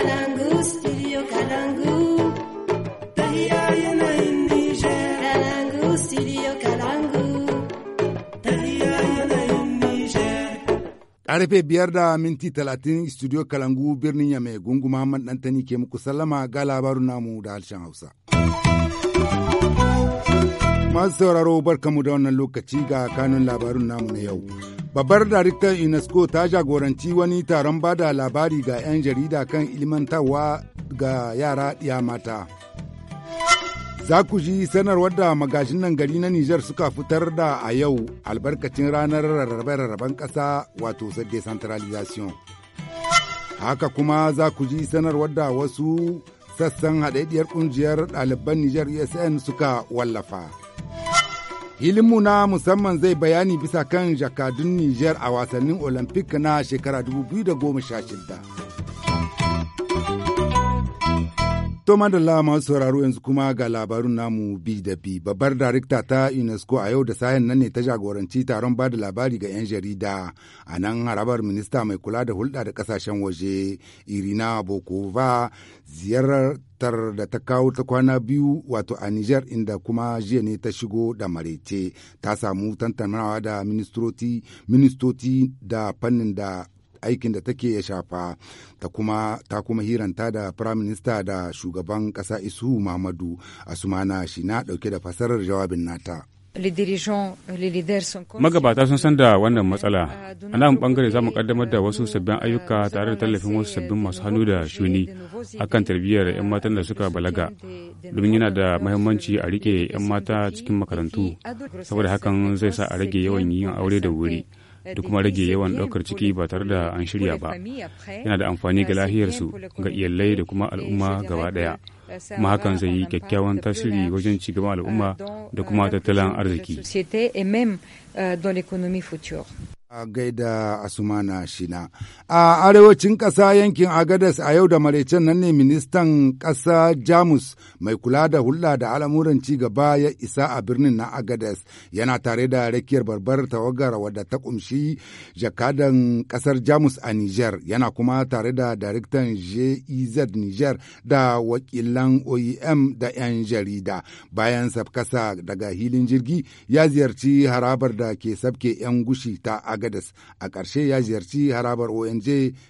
Kalangu, Karfe biyar da minti talatin studio Kalangu birnin Yame gungu Muhammad Dantani ke muku sallama ga labarun namu da harshen Hausa. Masu sauraro barkamu da wannan lokaci ga kanun labarun namu na yau. Babbar daraktan UNESCO ta jagoranci wani taron bada labari ga 'yan jarida kan ilmantarwa ga yara ɗiya mata. Za ku ji sanarwar da magajin nan gari na Nijar suka fitar da a yau albarkacin ranar rarrabe-rarraben ƙasa wato decentralization. Haka kuma za ku ji sanarwar da wasu sassan haɗaɗɗiyar ƙungiyar ɗaliban Nijar USN e suka wallafa. hilinmu na musamman zai bayani bisa kan jakadun Nijar a wasannin Olamfik na shekara 2016. To da masu sauraro yanzu kuma ga labarun namu bi da bi babbar darikta ta UNESCO a yau da sayan nan ne ta jagoranci taron ba da labari ga 'yan jarida a nan harabar minista mai kula da hulɗa da kasashen waje Irina Bokova ziyartar da ta kawo ta kwana biyu wato a Nijar inda kuma jiya ne ta shigo da marece ta samu tantanawa da ministoti da fannin da aikin da take ya shafa ta kuma ta kuma hiranta da Prime Minister da shugaban kasa Isu Muhammadu Asumana shi na dauke da fasarar jawabin nata. Magabata sun san da wannan matsala, a nan bangare za mu kaddamar da wasu sabbin ayyuka tare da tallafin wasu sabbin masu hannu da shuni akan tarbiyyar 'yan matan da suka balaga, domin yana da mahimmanci a rike 'yan mata cikin makarantu, saboda hakan zai sa a rage yawan yin aure da wuri. Eh, da kuma rage yawan ɗaukar ciki ba tare da an shirya ba yana da amfani ga lahiyarsu ga iyalai da kuma al'umma gaba ɗaya euh, kuma hakan zai yi kyakkyawan tasiri wajen ci cigaban al'umma da euh, kuma tattalin arziki a gaida asumana shina a arewacin ƙasa yankin agadas a yau da maraicen nan ne ministan ƙasa jamus mai kula da hulɗa da al'amuran ci gaba ya isa a birnin na agadas yana tare da rakiyar barbar tawagar wadda ta kumshi jakadan ƙasar jamus a niger yana kuma tare da daraktan jez niger da wakilan oem da 'yan jarida bayan sabkasa daga hilin jirgi ya ziyarci harabar da ke sabke 'yan gushi ta agadas a ƙarshe ya ziyarci harabar ong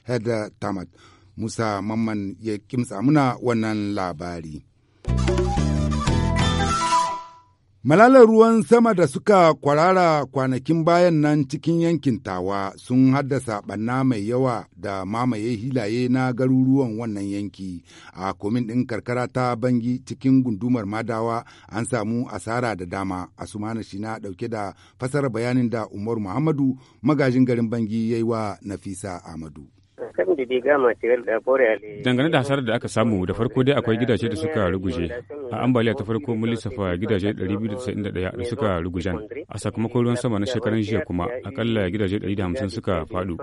Heather tamat musa mamman ya kimsa muna wannan labari Malalar ruwan sama da suka kwarara kwanakin bayan nan cikin yankin tawa sun haddasa ɓanna mai yawa da mamaye hilaye na garuruwan wannan yanki. A komin ɗin karkara ta bangi cikin gundumar madawa an samu asara da dama. a Asumana shi na ɗauke da fasar bayanin da Umar Muhammadu magajin garin bangi ya yi wa Nafisa Ahmadu. Dangane da hasarar da aka samu da farko dai akwai gidaje da suka ruguje A ambaliya ta farko mun lissafa gidaje 291 da suka rugujan. A sakamakon ruwan sama na shekaran jiya kuma akalla gidaje 150 suka fadu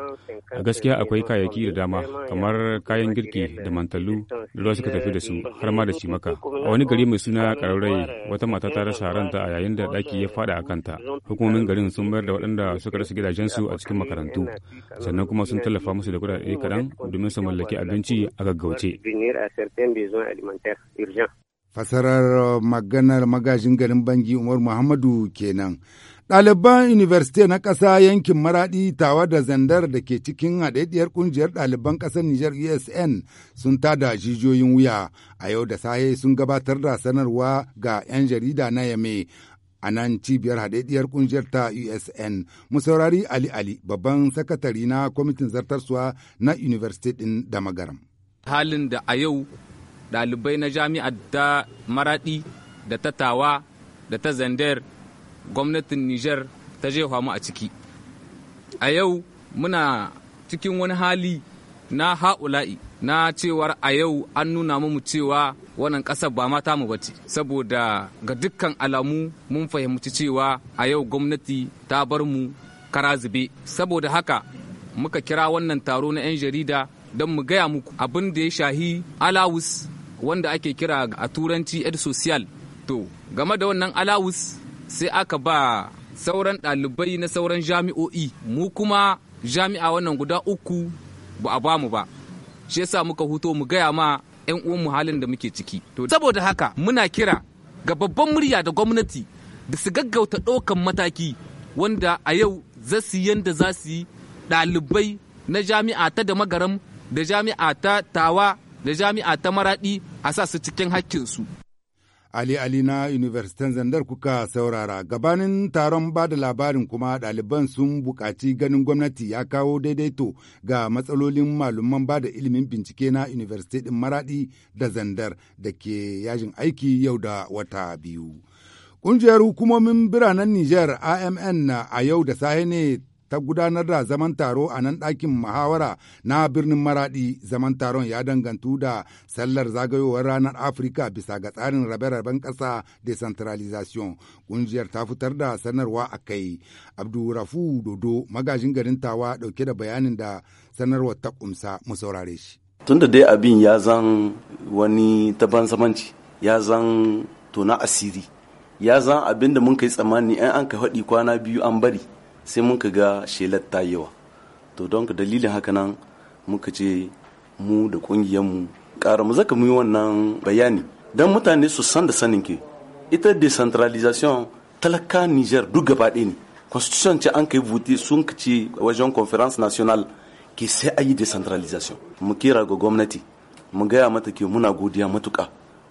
A gaskiya akwai kayayyaki da dama kamar kayan girki da mantalu da ruwa suka tafi da su har ma da cimaka. A wani gari mai suna Karaurai wata mata ta rasa ranta a yayin da daki ya fada a kanta. Hukumomin garin sun mayar da waɗanda suka rasa gidajensu a cikin makarantu. Sannan kuma sun tallafa musu da kuɗaɗe kaɗan domin su mallaki abinci a gaggauce. fasarar uh, maganar magajin garin bangi umar muhammadu kenan ɗaliban university na ƙasa yankin maraɗi tawa da zandar da ke cikin haɗaɗɗiyar ƙungiyar ɗaliban ƙasar niger usn e sun tada jijiyoyin wuya a yau da saye sun gabatar da sanarwa ga 'yan jarida na yame a nan cibiyar haɗaɗɗiyar ƙungiyar ta usn musaurari ali ali babban sakatari na kwamitin zartarsuwa na university ɗin da magaram halin da a yau Dalibai na Jami'a ta maraɗi da ta tawa da ta Zander, gwamnatin niger ta jefa mu a ciki a yau muna cikin wani hali na ha'ula'i na cewar a yau an nuna mu cewa wannan ƙasar ba mata mu bace saboda ga dukkan alamu mun fahimci cewa a yau gwamnati ta bar mu kara zube saboda haka muka kira wannan taro na 'yan jarida don mu gaya muku abin da ya shahi alawus wanda ake kira a turanci ed social to game da wannan alawus sai aka ba sauran ɗalibai na sauran jami'o'i mu kuma jami'a wannan guda uku ba a bamu ba shi yasa muka huto mu gaya ma 'yan uwanmu halin da muke ciki to saboda haka muna kira ga babban murya da gwamnati da su gaggauta ɗaukan mataki wanda a yau za su yanda za su yi ɗalibai na jami'a ta da magaram da jami'a ta tawa da jami'a ta maraɗi a sa su cikin hakkinsu. Ali Ali na Universitin Zandar kuka saurara gabanin taron ba da labarin kuma ɗaliban sun buƙaci ganin gwamnati ya kawo daidaito ga matsalolin malaman ba da ilimin bincike na Universitin ɗin Maraɗi da Zandar da ke yajin aiki yau da wata biyu. Ƙungiyar hukumomin biranen Nijar AMN a yau da sahe ne ta gudanar da zaman taro a nan ɗakin muhawara na birnin Maraɗi. Zaman taron ya dangantu da sallar zagayowar ranar Afirka bisa ga tsarin rabe-raben ƙasa decentralization. Ƙungiyar ta fitar da sanarwa a kai. Abdurrafu Dodo magajin garin Tawa ɗauke da bayanin da sanarwar ta ƙumsa mu saurare shi. Tunda dai abin ya zan wani taban samanci ya zan tona asiri ya zan abin da mun kai tsammani an an faɗi kwana biyu an bari sai mun ga shelar ta yawa to don ka dalilin haka nan muka ce mu da mu ƙara mu zaka yi wannan bayani don mutane su san da sanin ke ita decentralization talaka niger duk gaba ne constitution ce an kai buti sun ka ce wajen conference national ke sai ayi yi decentralization mu kira ga gwamnati mu gaya mata ke muna godiya matuka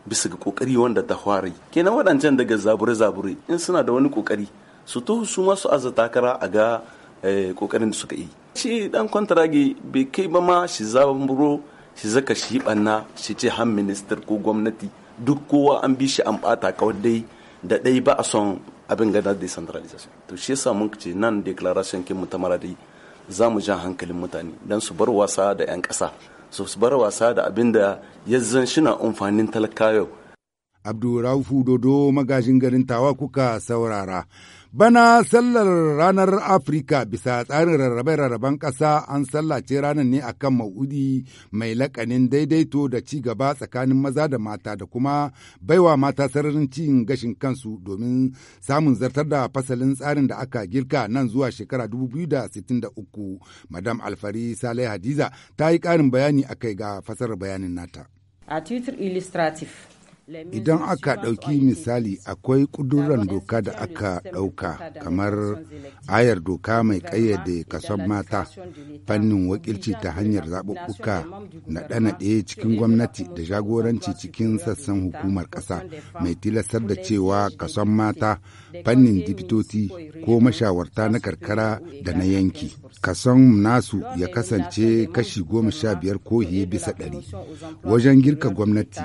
bisa ga kokari wanda ta fara yi kenan waɗancan daga zabure-zabure in suna da wani kokari su tuhu su masu aza takara a ga eh, kokarin da suka yi shi dan kwantaragi bai kai ba ma shi zaben buro shi zaka shi banna shi ce han minister ko gwamnati duk kowa an bi shi an bata kawai dai da dai ba a son abin gada decentralization to shi yasa mun ce nan declaration kin mu ta maradi za mu jan hankalin mutane dan su bar wasa da yan kasa su bar wasa da abin da yazzan na amfanin talakawa Abdurrafu Dodo magajin garin Tawa kuka saurara. Bana sallar ranar Afirka bisa tsarin rarrabe-rarraben ƙasa an sallace ranar ne akan ma'udi mai lakanin daidaito da ci gaba tsakanin maza da mata da kuma baiwa mata sararin cin gashin kansu domin samun zartar da fasalin tsarin da aka girka nan zuwa shekara 2063. Madam Alfari Saleh Hadiza ta yi ƙarin bayani a kai ga fasar bayanin nata. A Twitter illustrative Idan aka ɗauki misali akwai ƙuduran doka da aka ɗauka kamar ayar doka mai ƙayyade kason mata fannin wakilci ta hanyar zaɓuɓɓuka naɗe-naɗe cikin gwamnati da jagoranci cikin sassan hukumar ƙasa mai tilastar da cewa kason mata fannin dibitoti ko mashawarta na karkara da na yanki. Kason nasu ya kasance kashi goma sha biyar ko bisa ɗari. Wajen girka gwamnati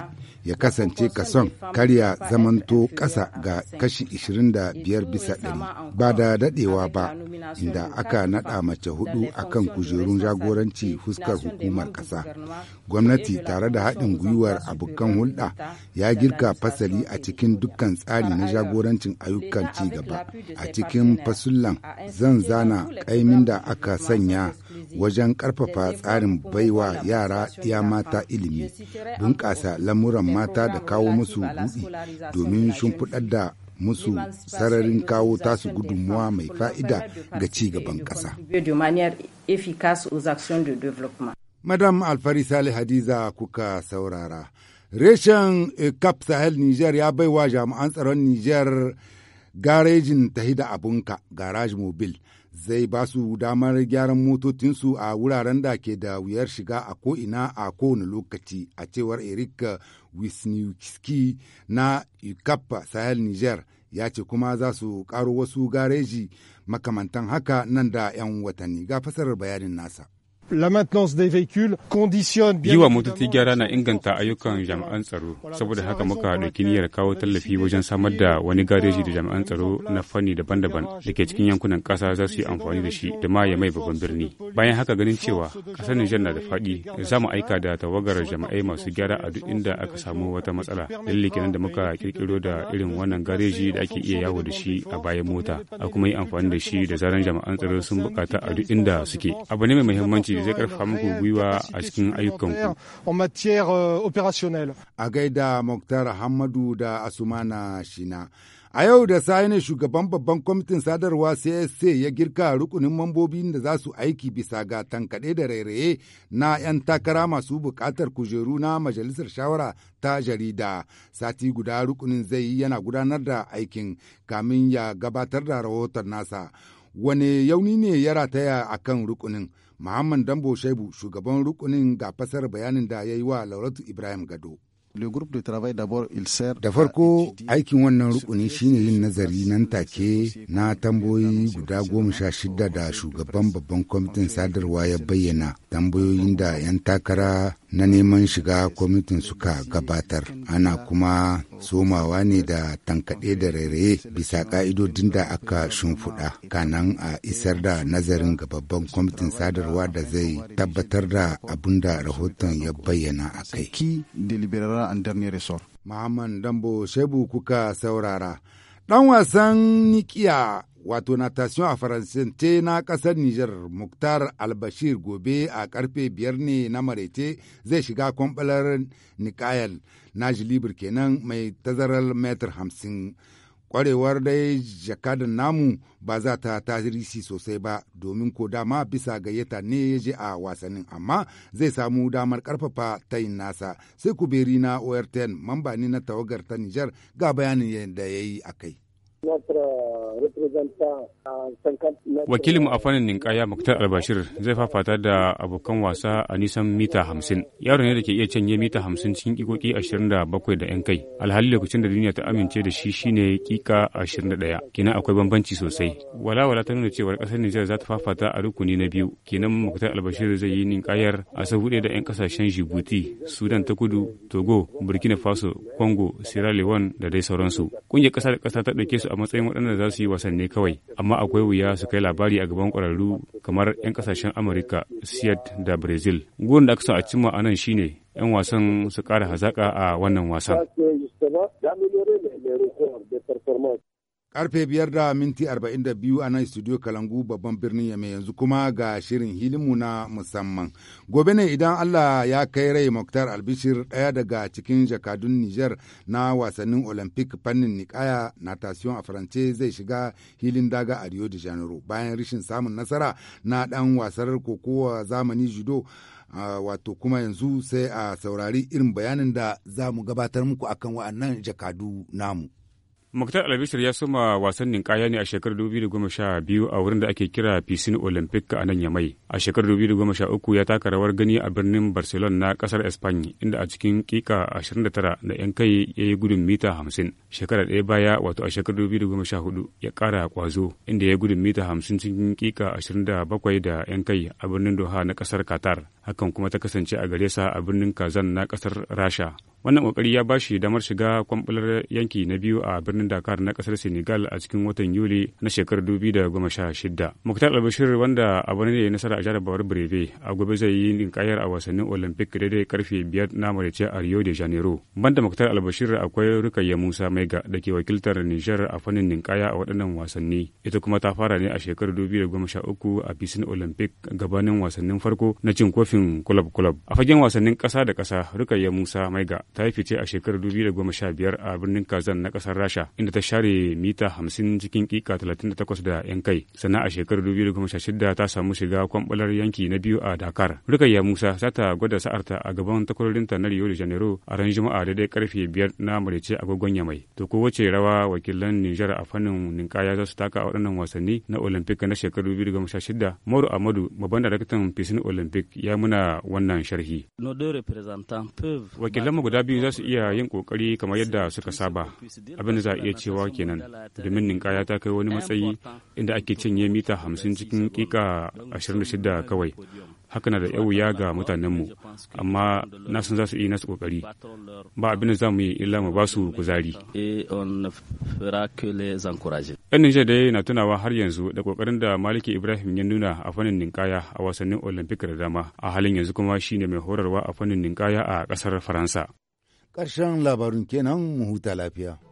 ya kasance kason karya zamanto ƙasa ga kashi 25 bisa ɗari ba da daɗewa ba inda aka naɗa mace hudu a kan kujerun jagoranci fuskar hukumar ƙasa. Gwamnati tare da haɗin gwiwar abokan hulɗa ya girka fasali a cikin dukkan tsari na jagorancin ayyukan ci gaba. A cikin fasullan zan zana ƙaimin da aka sanya wajen karfafa tsarin baiwa yara ya mata ilimi, bunƙasa lamuran mata da kawo musu buɗi domin shimfiɗar da musu sararin kawo tasu gudunmuwa mai fa'ida ga ci gaban ƙasa. Madam Alfari Salih Hadiza kuka saurara. Reshen eh, Cap Sahel Niger ya baiwa jami'an tsaron Niger garejin ta tahida abunka garage mobil. zai ba su damar gyaran motocinsu a wuraren da ke da wuyar shiga a ko'ina a kowane lokaci a cewar eric wisniewski na ukap sahel niger ya ce kuma za su karo wasu gareji makamantan haka nan da 'yan watanni ga fasarar bayanin nasa la des véhicules Yi wa motocin gyara na inganta ayyukan jami'an tsaro, saboda haka muka ɗauki kiniyar kawo tallafi wajen samar da wani gareji da jami'an tsaro na fanni daban-daban da ke cikin yankunan ƙasa za su yi amfani da shi da ma ya mai babban birni. Bayan haka ganin cewa ƙasar Nijar na da faɗi, za mu aika da tawagar jama'ai masu gyara a duk inda aka samu wata matsala. Dalili kenan da muka kirkiro da irin wannan gareji da ake iya yawo da shi a bayan mota, a kuma yi amfani da shi da zaran jami'an tsaro sun bukata a duk inda suke. Abu ne mai muhimmanci ne zai karfafa muku gwiwa a cikin ayyukanku. Euh, a gaida Muktar Hamadu da Asumana Shina. A yau da sai ne shugaban babban kwamitin sadarwa CSC ya girka rukunin mambobin da za su aiki bisa ga tankaɗe da rairaye na 'yan takara masu buƙatar kujeru na majalisar shawara ta jarida. Sati guda rukunin zai yi yana gudanar da aikin kamin ya gabatar da rahoton nasa. Wane yauni ne ya rataya akan rukunin? Muhammad Dambo Shaibu shugaban rukunin ga fasar bayanin da ya yi wa Lauratu Ibrahim Gado. Da farko aikin wannan rukuni shine yin nazari nan take na tamboyi guda goma sha shida da shugaban babban kwamitin sadarwa ya bayyana tambayoyin da 'yan takara na neman shiga kwamitin suka gabatar ana kuma somawa ne da tankaɗe da rairaye bisa ƙa'idodin da aka shimfiɗa kanan a isar da nazarin ga babban kwamitin sadarwa da zai tabbatar da abin da rahoton ya bayyana a kai. Muhammad Dambo Shebu kuka saurara. Ɗan wasan Nikiya wato natation a faransance na ƙasar Nijar Muktar Albashir gobe a karfe biyar ne na marece zai shiga kwambalar Nikayal na Jilibir kenan mai tazarar metar hamsin. kwarewar dai jakadan namu ba za ta tasirisi sosai ba domin ko dama bisa gayyata ne ya je a wasannin amma zai samu damar ƙarfafa tayin nasa sai kuberi na ORTN mamba ne na tawagar ta Nijar ga bayanin da ya yi a kai. Wakilinmu a fannin ninkaya Maktar Albashir zai fafata da abokan wasa a nisan mita hamsin. Yaro ne da ke iya canye mita hamsin cikin kikoki ashirin da bakwai da 'yan kai. Alhali lokacin da duniya ta amince da shi shine kika ashirin da ɗaya. Kenan akwai bambanci sosai. Walawala ta nuna cewar ƙasar Nijar za ta fafata a rukuni na biyu. Kenan Maktar Albashir zai yi ninkayar a sahu da 'yan ƙasashen jibuti Sudan ta Kudu, Togo, Burkina Faso, kongo Sierra Leone da dai sauransu. Ƙungiyar ƙasa da ƙasa ta ɗauke su a matsayin waɗanda za su yi wasanni kawai amma akwai wuya su kai labari a gaban ƙwararru kamar 'yan ƙasashen amurka siyad da brazil gurin da aka so a cimma a nan shine 'yan wasan su ƙara hazaƙa a wannan wasan Karfe biyar da minti arba'in da biyu a nan studio Kalangu babban birnin Yamma yanzu kuma ga shirin hilinmu na musamman. Gobe ne idan Allah ya kai rai Muktar Albishir ɗaya daga cikin jakadun Nijar na wasannin Olympic fannin Nikaya Natation a Farance zai shiga hilin daga a Rio de Janeiro bayan rashin samun nasara na ɗan wasar kokowa zamani judo. wato kuma yanzu sai a saurari irin bayanin da za mu gabatar muku akan wa'annan jakadu namu. Muktar Albishir ya soma wasan ninkaya ne a shekarar 2012 a wurin da ake kira Pisin Olympic a nan Yamai. A shekarar 2013 ya taka rawar gani a birnin Barcelona na kasar Espany inda a cikin kika 29 da 'yan kai ya yi gudun mita 50. Shekarar ɗaya baya wato a shekarar 2014 ya ƙara kwazo inda ya gudun mita 50 cikin kika 27 da 'yan kai a birnin Doha na kasar Qatar. hakan kuma ta kasance a gare sa a birnin kazan na kasar rasha wannan kokari ya ba shi damar shiga kwambular yanki na biyu a birnin dakar na kasar senegal a cikin watan yuli na shekarar shida muktar albashir wanda a abu ne nasara a jarabawar breve a gobe zai yi ninkayar a wasannin olympic daidai karfe biyar na marice a rio de janeiro banda muktar albashir akwai rukayya musa maiga da ke wakiltar nijar a fannin ninkaya a waɗannan wasanni ita kuma ta fara ne a shekarar uku a bisin olympic gabanin wasannin farko na cin kofi nufin kulab-kulab. A fagen wasannin kasa da kasa Rukayya Musa Maiga ta yi fice a shekarar biyar a birnin Kazan na kasar Rasha, inda ta share mita hamsin cikin ƙiƙa talatin da 'yan kai. Sannan a shekarar 2016 ta samu shiga kwambalar yanki na biyu a Dakar. Rukayya Musa za ta gwada sa'arta a gaban takwarorinta na Rio de Janeiro a ran Juma'a daidai karfe 5 na Marece agogon Yamai. To ko wace rawa wakilan Nijar a fannin ninkaya za su taka a waɗannan wasanni na Olympic na shekarar 2016? Mauro Amadu, babban daraktan Fisin Olympic, ya muna wannan sharhi. Wakilanmu guda biyu za su iya yin ƙoƙari kamar yadda suka saba, abin da za a iya cewa kenan, domin ninkaya ta kai wani matsayi inda ake cinye mita hamsin cikin da shida kawai. haka na da yau ya ga mutanenmu amma na san za su yi nasu kokari ba abin da za mu yi illa mu ba su kuzari yan nijar dai na tunawa har yanzu da kokarin da maliki ibrahim ya nuna a fannin ninkaya a wasannin olympic da dama a halin yanzu kuma shi ne mai horarwa a fannin ninkaya a kasar faransa ƙarshen labarin kenan mu huta lafiya